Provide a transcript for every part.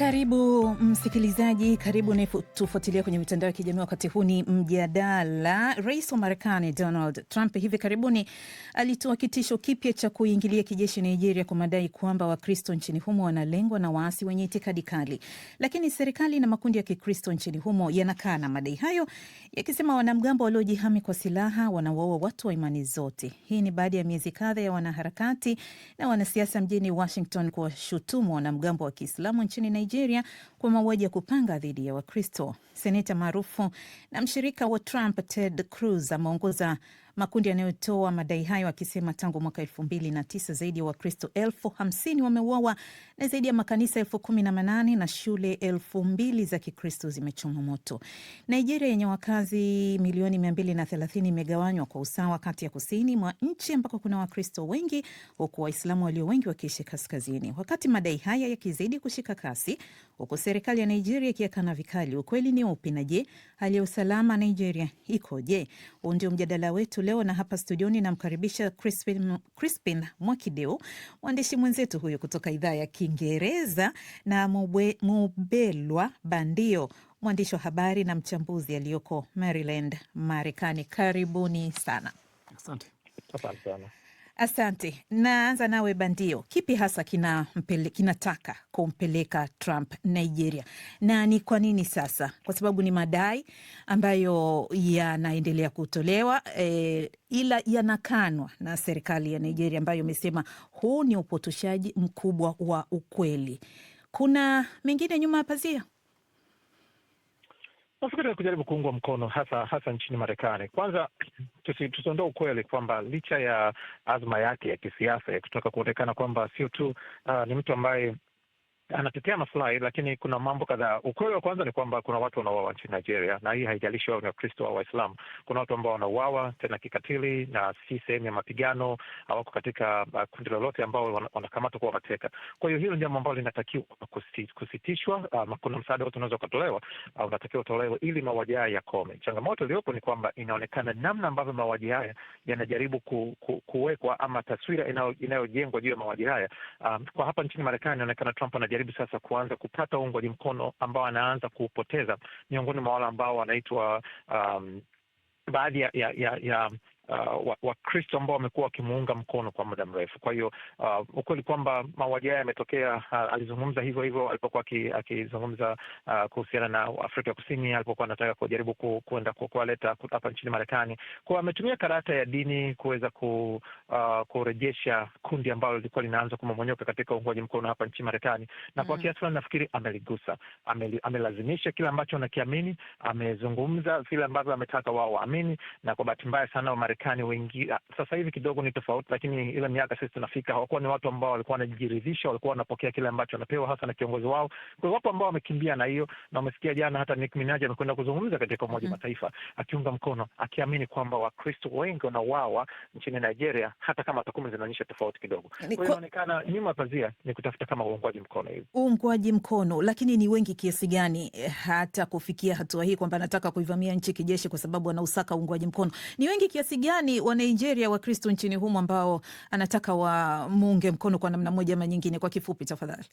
Karibu msikilizaji, karibu ni tufuatilia kwenye mitandao ya kijamii. Wakati huu ni mjadala. Rais wa Marekani Donald Trump hivi karibuni alitoa kitisho kipya cha kuingilia kijeshi Nigeria kwa madai kwamba Wakristo nchini humo wanalengwa na waasi wenye itikadi kali, lakini serikali na makundi ya Kikristo nchini humo yanakana madai hayo, yakisema wanamgambo waliojihami kwa silaha wanawaua watu wa imani zote. Hii ni baada ya miezi kadha ya wanaharakati na wanasiasa mjini Washington kuwashutumu wanamgambo wa Kiislamu nchini Nigeria Nigeria kwa mauaji ya kupanga dhidi ya Wakristo. Seneta maarufu na mshirika wa Trump Ted Cruz ameongoza makundi yanayotoa madai hayo akisema tangu mwaka elfu mbili na tisa zaidi ya wa Wakristo elfu hamsini wameuawa na zaidi ya makanisa elfu kumi na manane na shule elfu mbili za Kikristo zimechomwa moto. Nigeria yenye wakazi milioni mia mbili na thelathini imegawanywa kwa usawa kati ya kusini mwa nchi ambako kuna Wakristo wengi huku Waislamu walio wengi wakiishi kaskazini. Wakati madai haya yakizidi kushika kasi, huku serikali ya Nigeria ikiakana vikali. Ukweli ni upi? Na je, hali ya usalama Nigeria ikoje? Huu ndio mjadala wetu leo, na hapa studioni namkaribisha Crispin, Crispin Mwakideu, mwandishi mwenzetu huyo kutoka idhaa ya Kiingereza na Mubelwa Bandio, mwandishi wa habari na mchambuzi aliyoko Maryland, Marekani. Karibuni sana. Asante. Asante sana. Asante. Naanza nawe Bandio, kipi hasa kinataka kina kumpeleka Trump Nigeria na ni kwa nini sasa? Kwa sababu ni madai ambayo yanaendelea kutolewa e, ila yanakanwa na serikali ya Nigeria ambayo imesema huu ni upotoshaji mkubwa wa ukweli. Kuna mengine nyuma ya pazia? Nafikiri ni kujaribu kuungwa mkono hasa hasa nchini Marekani. Kwanza tusiondoa ukweli kwamba licha ya azma yake ya kisiasa ya kutaka kuonekana kwamba sio tu uh, ni mtu ambaye anatetea maslahi, lakini kuna mambo kadhaa. Ukweli wa kwanza ni kwamba kuna watu wanauawa nchini Nigeria, na hii haijalishi wao ni Wakristo au Waislamu. Kuna watu ambao wanauawa tena kikatili, na si sehemu ya mapigano, hawako katika uh, kundi lolote, ambao wanakamatwa kuwa mateka. Kwa hiyo hilo jambo ambalo linatakiwa kusitishwa. Um, kuna msaada wote unaweza ukatolewa, uh, unatakiwa utolewe ili mauaji haya yakome. Changamoto iliyopo ni kwamba inaonekana namna ambavyo mauaji haya yanajaribu ku, ku, kuwekwa ama taswira inayojengwa juu ya mauaji haya um, kwa hapa nchini Marekani inaonekana Trump anajaribu anajaribu sasa kuanza kupata uungwaji mkono ambao anaanza kuupoteza miongoni mwa wale ambao wanaitwa um, baadhi ya, ya, ya, ya uh, Wakristo wa ambao wamekuwa wakimuunga mkono kwa muda mrefu. Kwa hiyo uh, ukweli kwamba mauaji haya yametokea, uh, alizungumza hivyo hivyo alipokuwa akizungumza uh, kuhusiana na Afrika Kusini alipokuwa anataka kujaribu kuenda kuwaleta hapa nchini Marekani. Kwa ametumia karata ya dini kuweza ku, uh, kurejesha kundi ambalo lilikuwa linaanza kumomonyoka katika uungwaji mkono hapa nchini Marekani, na kwa mm, kiasi fulani nafikiri ameligusa, amelazimisha ame kile ambacho anakiamini, amezungumza vile ambavyo ametaka wao waamini, na kwa bahati mbaya sana Wamarekani Wamarekani wengi sasa hivi kidogo ni tofauti, lakini ile miaka sisi tunafika, hawakuwa ni watu ambao walikuwa wanajiridhisha, walikuwa wanapokea kile ambacho wanapewa hasa na kiongozi wao. Kwa hiyo wapo ambao wamekimbia na hiyo, na umesikia jana hata Nick Minaj amekwenda kuzungumza katika Umoja wa mhm. Mataifa akiunga mkono, akiamini kwamba Wakristo wengi wanauawa nchini Nigeria, hata kama takwimu zinaonyesha tofauti kidogo. Kwa hiyo inaonekana nyuma pazia ni kutafuta kama uungwaji mkono hivi, uungwaji mkono, lakini ni wengi kiasi gani eh, hata kufikia hatua hii kwamba anataka kuivamia nchi kijeshi, kwa sababu anausaka uungwaji mkono? Ni wengi kiasi gani gani wa Nigeria Wakristo nchini humo ambao anataka wamuunge mkono kwa namna moja ama nyingine, kwa kifupi tafadhali?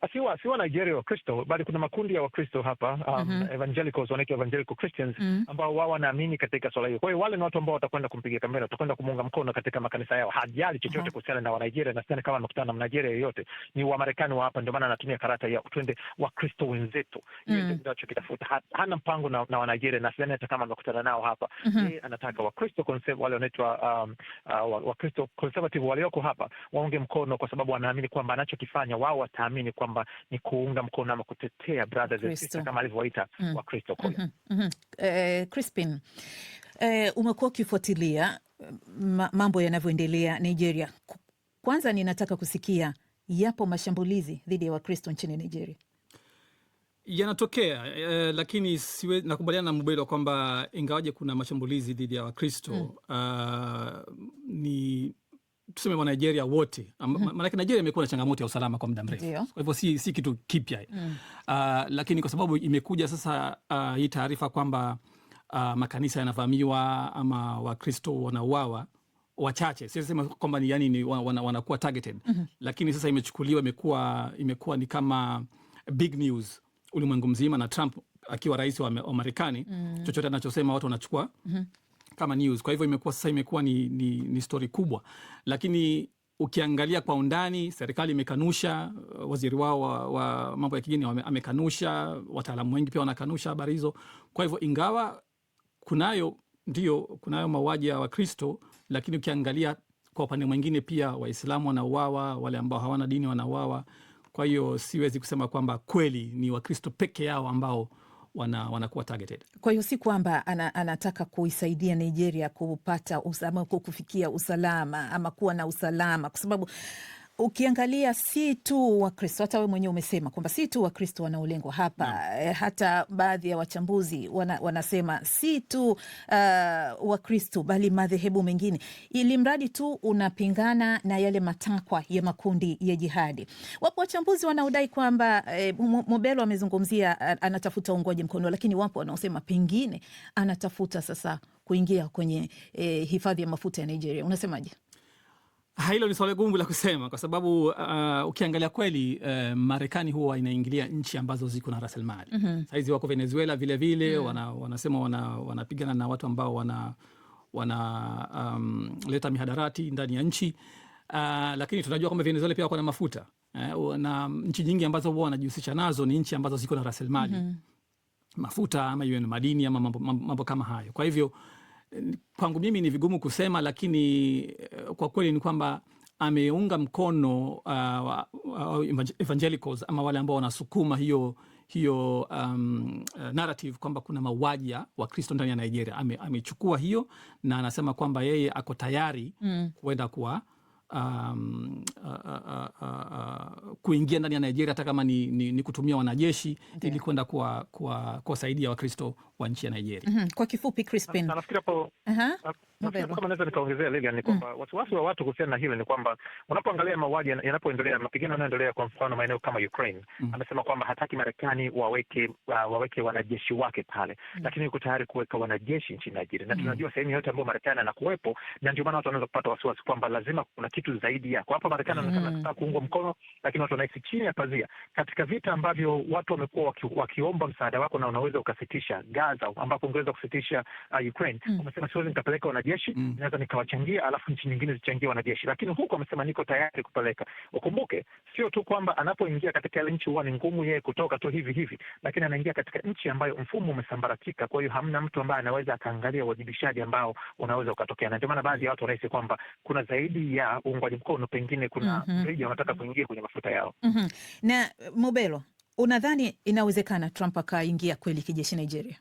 asiwa ah, asiwa Nigeria Wakristo, bali kuna makundi ya Wakristo hapa um, mm -hmm. evangelicals wanaitwa evangelical Christians mm -hmm. ambao wao wanaamini katika swala hiyo. Kwa hiyo wale ni watu ambao watakwenda kumpiga kamera, watakwenda kumuunga mkono katika makanisa yao, hajali chochote mhm. kuhusiana na Wanigeria, na sidhani kama amekutana na Mnigeria yoyote, ni Wamarekani wa hapa. Ndio maana anatumia karata ya twende Wakristo wenzetu mm -hmm. nachokitafuta hana mpango na, na Wanigeria na sidhani hata kama amekutana nao hapa mm -hmm. anataka Wakristo wale wanaitwa um, uh, Wakristo conservative walioko hapa waunge mkono, kwa sababu wanaamini kwamba anachokifanya wao wataamini kwa kwamba ni kuunga mkono ama kutetea brothers and sisters kama alivyowaita mm. Wakristo kule mm -hmm. mm -hmm. eh, Crispin eh, umekuwa ukifuatilia mm, mambo yanavyoendelea Nigeria. Kwanza ninataka kusikia yapo mashambulizi dhidi ya Wakristo nchini Nigeria yanatokea eh, lakini siwe, nakubaliana na Mubelwa kwamba ingawaje kuna mashambulizi dhidi ya Wakristo mm. uh, ni tuseme wa Nigeria wote mhm. maanake mm Nigeria imekuwa na changamoto ya usalama kwa muda mrefu, kwa hivyo si, si kitu kipya mm. Uh, lakini kwa sababu imekuja sasa uh, hii taarifa kwamba uh, makanisa yanavamiwa ama Wakristo wanauawa wachache, sisema kwamba yani, ni wana, wanakuwa targeted mm -hmm. Lakini sasa imechukuliwa imekuwa imekuwa ni kama big news ulimwengu mzima, na Trump akiwa rais wa Marekani mm. Chochote anachosema watu wanachukua mm -hmm kama news. Kwa hivyo imekuwa sasa imekuwa ni, ni, ni stori kubwa, lakini ukiangalia kwa undani, serikali imekanusha, uh, waziri wao wa, wa mambo ya kigeni amekanusha, wataalamu wengi pia wanakanusha habari hizo. Kwa hivyo ingawa kunayo ndio kunayo mauaji ya Wakristo, lakini ukiangalia kwa upande mwingine pia Waislamu wanauawa, wale ambao hawana dini wanauawa. Kwa hiyo siwezi kusema kwamba kweli ni Wakristo peke yao ambao wana, wanakuwa targeted. Kwa hiyo si kwamba ana, anataka kuisaidia Nigeria kupata ama kufikia usalama ama kuwa na usalama, kwa sababu ukiangalia si tu Wakristo, hata wewe mwenyewe umesema kwamba si tu Wakristo wanaolengwa hapa no. Eh, hata baadhi ya wachambuzi wana, wanasema si tu uh, Wakristo bali madhehebu mengine, ili mradi tu unapingana na yale matakwa ya makundi ya jihadi. Wapo wachambuzi wanaodai kwamba eh, Mobelo amezungumzia eh, anatafuta uungwaji mkono, lakini wapo wanaosema pengine anatafuta sasa kuingia kwenye eh, hifadhi ya mafuta ya Nigeria. Unasemaje? Ah, hilo ni swali gumu la kusema kwa sababu uh, ukiangalia kweli uh, Marekani huwa inaingilia nchi ambazo ziko na rasilimali mm -hmm. Saizi wako Venezuela vilevile vile, mm -hmm. wanasema wana, wanapigana na watu ambao wanaleta wana, um, mihadarati ndani ya nchi uh, lakini tunajua kwamba Venezuela pia wako na mafuta eh, na nchi nyingi ambazo huwa wanajihusisha nazo ni nchi ambazo ziko na rasilimali mm -hmm. mafuta ama iwe ni madini ama mambo, mambo kama hayo kwa hivyo kwangu mimi ni vigumu kusema, lakini eh, kwa kweli ni kwamba ameunga mkono uh, evangelicals ama wale ambao wanasukuma hiyo hiyo um, eh, narrative kwamba kuna mauaji ya Wakristo ndani ya Nigeria. Amechukua ame hiyo na anasema kwamba yeye ako tayari mm. kuenda kuwa Um, uh, uh, uh, kuingia ndani ya Nigeria hata kama ni, ni, ni kutumia wanajeshi ili kwenda kuwasaidia Wakristo wa nchi ya Nigeria. mm -hmm. Kwa kifupi Crispin, nafikiri hapo kama naweza nikaongezea Lilian ni kwamba mm. wasiwasi wa watu kuhusiana na hilo ni kwamba unapoangalia mauaji yanapoendelea, mapigano yanayoendelea, kwa mfano maeneo kama Ukraine, mm. amesema kwamba hataki Marekani waweke uh, waweke wanajeshi wake pale, mm. lakini yuko tayari kuweka wanajeshi nchini Nigeria, na tunajua sehemu yote ambayo Marekani anakuwepo, na ndio maana watu wanaweza kupata wasiwasi kwamba lazima kuna kitu zaidi yako hapa. Marekani anataka kuungwa mkono, lakini watu wanaishi chini ya pazia katika vita ambavyo watu wamekuwa wakiomba msaada wako na unaweza ukasitisha Gaza ambapo ungeweza kusitisha uh, Ukraine mm. Wamesema siwezi nikapeleka wanajeshi mm. Naweza nikawachangia, alafu nchi nyingine zichangie wanajeshi, lakini huku amesema niko tayari kupeleka. Ukumbuke sio tu kwamba anapoingia katika ile nchi huwa ni ngumu yeye kutoka tu hivi hivi, lakini anaingia katika nchi ambayo mfumo umesambaratika. Kwa hiyo hamna mtu ambaye anaweza akaangalia uwajibishaji ambao unaweza ukatokea, na ndio maana baadhi ya watu wanahisi kwamba kuna zaidi ya uungwaji mkono, pengine kuna mm -hmm. wanataka kuingia kwenye mafuta yao mm -hmm. na Mobelo, unadhani inawezekana Trump akaingia kweli kijeshi Nigeria?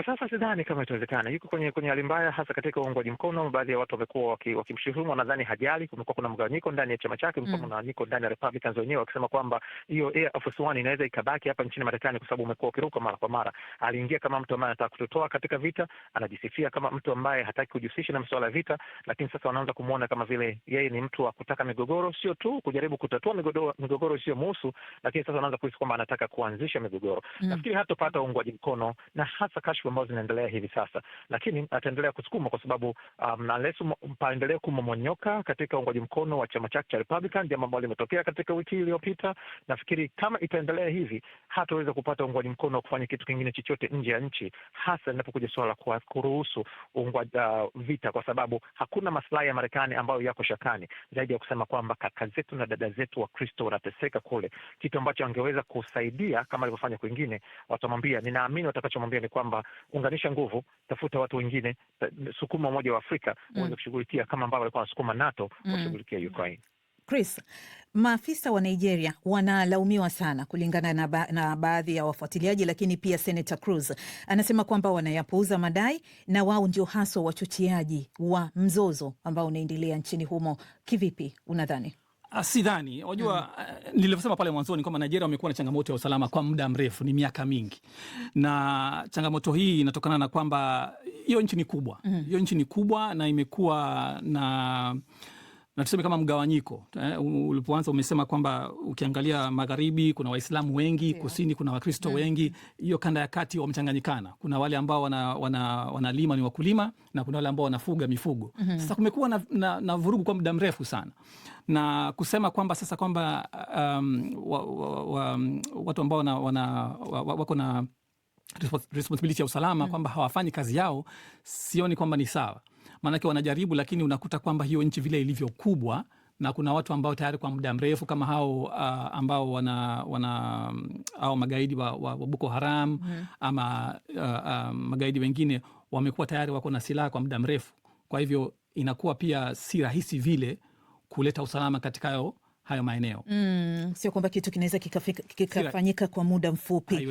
Kwa sasa sidhani kama itawezekana. Yuko kwenye kwenye hali mbaya, hasa katika uungwaji mkono. Baadhi ya watu wamekuwa wakimshutumu, wanadhani hajali. Kumekuwa kuna mgawanyiko ndani ya chama chake, kumekuwa mm. mgawanyiko ndani ya Republicans wenyewe, wakisema kwamba hiyo Air Force One inaweza ikabaki hapa nchini Marekani kwa sababu umekuwa ukiruka mara kwa mara. Aliingia kama mtu ambaye anataka kutotoa katika vita, anajisifia kama mtu ambaye hataki kujihusisha na masuala ya vita, lakini sasa wanaanza kumwona kama vile yeye ni mtu wa kutaka migogoro, sio tu kujaribu kutatua migogoro, migogoro sio muhusu, lakini sasa wanaanza kuhisi kwamba anataka kuanzisha migogoro. Mm. Nafikiri hatopata uungwaji mkono na hasa kashfa ambazo zinaendelea hivi sasa, lakini ataendelea kusukuma kwa sababu um, nalesu paendelee kumomonyoka katika uungwaji mkono wa chama chake cha Republican, jambo ambalo limetokea katika wiki iliyopita. Nafikiri kama itaendelea hivi, hataweza kupata uungwaji mkono wa kufanya kitu kingine chochote nje ya nchi, hasa linapokuja suala la kuruhusu uungwaji uh, vita, kwa sababu hakuna maslahi ya Marekani ambayo yako shakani zaidi ya kusema kwamba kaka zetu na dada zetu wa Kristo wanateseka kule, kitu ambacho angeweza kusaidia kama alivyofanya kwingine. Watamwambia, ninaamini watakachomwambia ni kwamba unganisha nguvu, tafuta watu wengine, sukuma Umoja wa Afrika uweze mm. kushughulikia kama ambavyo walikuwa wanasukuma NATO washughulikia mm. Ukraine. Chris, maafisa wa Nigeria wanalaumiwa sana kulingana na, ba na baadhi ya wafuatiliaji, lakini pia Senator Cruz anasema kwamba wanayapuuza madai na wao ndio haswa wachochiaji wa mzozo ambao unaendelea nchini humo. Kivipi unadhani? Ah, sidhani. Unajua, mm. Mm-hmm. Eh, nilivyosema pale mwanzoni kwamba Nigeria wamekuwa na changamoto ya usalama kwa muda mrefu, ni miaka mingi, na changamoto hii inatokana na kwamba hiyo nchi ni kubwa, mm-hmm. hiyo mm. nchi ni kubwa na imekuwa na na tuseme kama mgawanyiko eh, ulipoanza umesema kwamba ukiangalia magharibi kuna Waislamu wengi yeah. Kusini kuna Wakristo yeah. Mm. wengi, hiyo kanda ya kati wamechanganyikana. Kuna wale ambao wanalima wana, wana ni wakulima na kuna wale ambao wanafuga mifugo mm -hmm. Sasa kumekuwa na, na, na vurugu kwa muda mrefu sana, na kusema kwamba sasa kwamba um, wa, wa, wa, um, watu ambao wana, wana, wako na responsibility ya usalama mm -hmm. kwamba hawafanyi kazi yao, sioni kwamba ni sawa maanake wanajaribu, lakini unakuta kwamba hiyo nchi vile ilivyo kubwa na kuna watu ambao tayari kwa muda mrefu kama hao uh, ambao wana, wana au magaidi wa, wa, wa buko Haram mm. ama uh, uh, magaidi wengine wamekuwa tayari wako na silaha kwa muda mrefu, kwa hivyo inakuwa pia si rahisi vile kuleta usalama katika hayo hayo maeneo mm, sio kwamba kitu kinaweza kikafanyika kwa muda mfupi,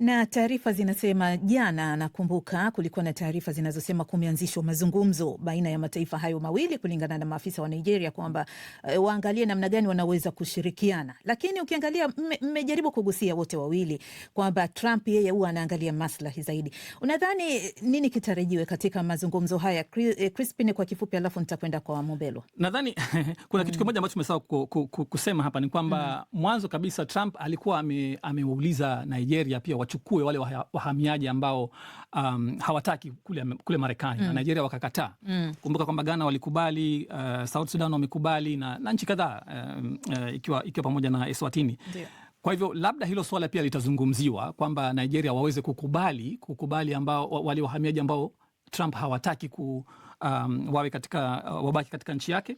Na taarifa zinasema jana, nakumbuka kulikuwa na taarifa zinazosema kumeanzishwa mazungumzo baina ya mataifa hayo mawili, kulingana na maafisa wa Nigeria kwamba e, waangalie namna gani wanaweza kushirikiana, lakini ukiangalia mmejaribu kugusia wote wawili kwamba Trump yeye huwa anaangalia maslahi zaidi. Unadhani nini kitarajiwe katika mazungumzo haya eh, Crispin? Kwa kifupi, alafu nitakwenda kwa Mobelo. Nadhani kuna kitu kimoja ambacho tumesahau kusema hapa ni kwamba mwanzo mm. mwanzo kabisa Trump alikuwa amewauliza ame Nigeria pia wachukue wale wahamiaji ambao um, hawataki kule, kule Marekani mm. na Nigeria wakakataa mm. Kumbuka kwamba Ghana walikubali, uh, South Sudan wamekubali na, na nchi kadhaa um, uh, ikiwa, ikiwa pamoja na Eswatini Dio. Kwa hivyo labda hilo swala pia litazungumziwa kwamba Nigeria waweze kukubali kukubali ambao wale wahamiaji ambao Trump hawataki ku, um, wawe katika, uh, wabaki katika nchi yake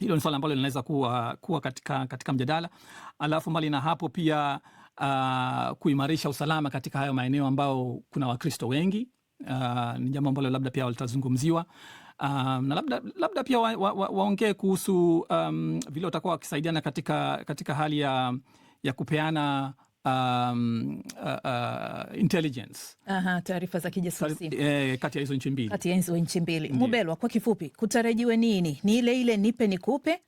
hilo ni swala ambalo linaweza kuwa, kuwa katika, katika mjadala. Alafu mbali na hapo pia uh, kuimarisha usalama katika hayo maeneo ambao kuna Wakristo wengi uh, ni jambo ambalo labda pia litazungumziwa uh, na labda, labda pia waongee wa, wa, kuhusu um, vile watakuwa wakisaidiana katika, katika hali ya, ya kupeana um, uh, uh, intelligence taarifa za kijasusi eh, kati ya hizo nchi mbili, kati ya hizo nchi mbili. Mubelwa, kwa kifupi, kutarajiwe nini? Ni ile ile nipe nikupe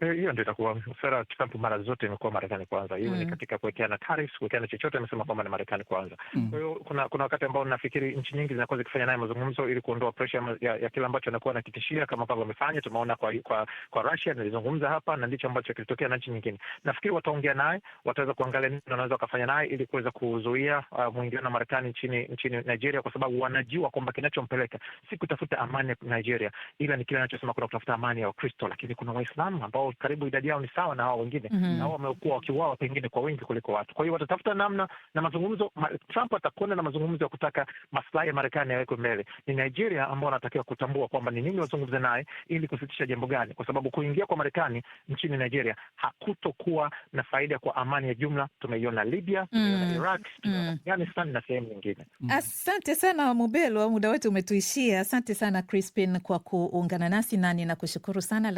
Eh, hiyo ndio itakuwa sera Trump mara zote imekuwa Marekani kwanza, hiyo mm. ni katika kuwekeana tariffs, kuwekeana chochote, amesema kwamba ni Marekani kwanza. Mm. Kwa hiyo mm. kuna kuna wakati ambao nafikiri nchi nyingi zinakuwa zikifanya naye mazungumzo ili kuondoa pressure ya, ya kile ambacho anakuwa anakitishia, kama ambavyo amefanya, tumeona kwa kwa, kwa Russia nilizungumza hapa, na ndicho ambacho kilitokea na nchi nyingine. Nafikiri wataongea naye, wataweza kuangalia nini wanaweza wakafanya naye ili kuweza kuzuia uh, mwingiliano wa Marekani nchini nchini Nigeria, kwa sababu wanajua kwamba kinachompeleka si kutafuta amani ya Nigeria, ila ni kile anachosema kuna kutafuta amani ya Wakristo, lakini kuna Waislamu ambao ambao karibu idadi yao ni sawa na hao wengine mm -hmm. na hao wamekuwa wakiuawa pengine kwa wengi kuliko watu. Kwa hiyo watatafuta namna na mazungumzo ma, Trump atakwenda na mazungumzo ya kutaka maslahi ya Marekani yawekwe mbele. Ni Nigeria ambao wanatakiwa kutambua kwamba ni nini wazungumze naye ili kusitisha jambo gani, kwa sababu kuingia kwa Marekani nchini Nigeria hakutokuwa na faida kwa amani ya jumla. Tumeiona Libya, tumeiona mm. Iraq, tumeiona mm. Afghanistan na sehemu nyingine. Mm. Asante sana Mubelwa, muda wetu umetuishia. Asante sana Crispin kwa kuungana nasi nani na kushukuru sana.